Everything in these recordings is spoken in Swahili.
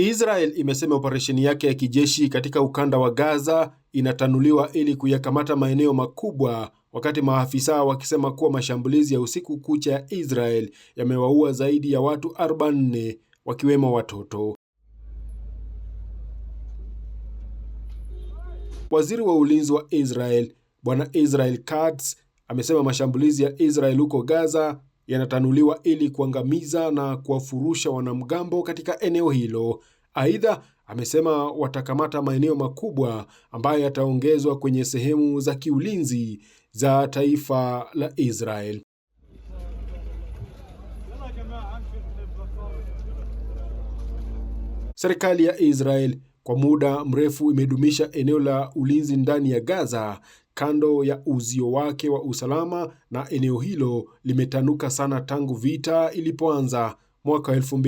Israel imesema operesheni yake ya kijeshi katika ukanda wa Gaza inatanuliwa ili kuyakamata maeneo makubwa, wakati maafisa wakisema kuwa mashambulizi ya usiku kucha ya Israel yamewaua zaidi ya watu 44 wakiwemo watoto. Waziri wa ulinzi wa Israel Bwana Israel Katz amesema mashambulizi ya Israel huko Gaza yanatanuliwa ili kuangamiza na kuwafurusha wanamgambo katika eneo hilo. Aidha, amesema watakamata maeneo makubwa ambayo yataongezwa kwenye sehemu za kiulinzi za taifa la Israel. Serikali ya Israel kwa muda mrefu imedumisha eneo la ulinzi ndani ya Gaza kando ya uzio wake wa usalama, na eneo hilo limetanuka sana tangu vita ilipoanza mwaka elfu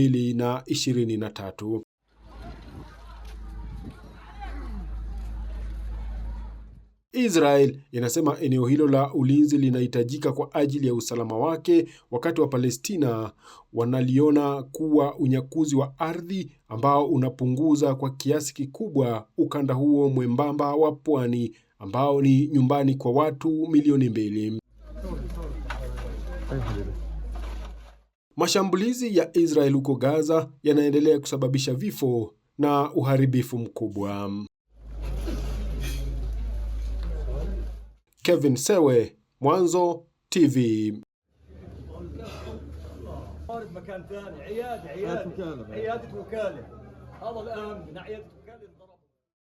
Israel inasema eneo hilo la ulinzi linahitajika kwa ajili ya usalama wake, wakati wa Palestina wanaliona kuwa unyakuzi wa ardhi ambao unapunguza kwa kiasi kikubwa ukanda huo mwembamba wa pwani ambao ni nyumbani kwa watu milioni mbili. Mashambulizi ya Israel huko Gaza yanaendelea kusababisha vifo na uharibifu mkubwa. Kevin Sewe, Mwanzo TV. مكان ثاني عياده عياده عياده وكاله هذا الان من عياده